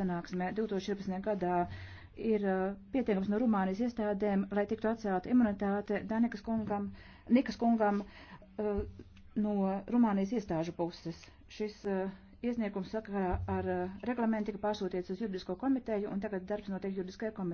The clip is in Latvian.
sanāksmē 2014. gadā ir uh, pieteikums no Rumānijas iestādēm, lai tiktu atcelta imunitāte Danikas kungam, Nikas kungam uh, no Rumānijas iestāžu puses. Šis uh, iesniegums sakarā ar reglamentu tika pārsūtīts uz juridisko komiteju, un tagad darbs notiek juridiskajā komitejā.